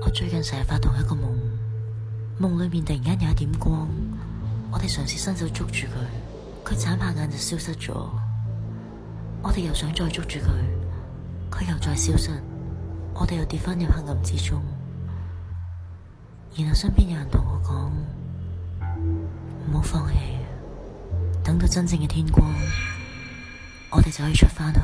我最近成日發同一個夢，夢裏面突然間有一點光，我哋嘗試伸手捉住佢，佢眨下眼就消失咗。我哋又想再捉住佢，佢又再消失，我哋又跌翻入黑暗之中。然後身邊有人同我講：唔好放棄，等到真正嘅天光，我哋就可以出翻去。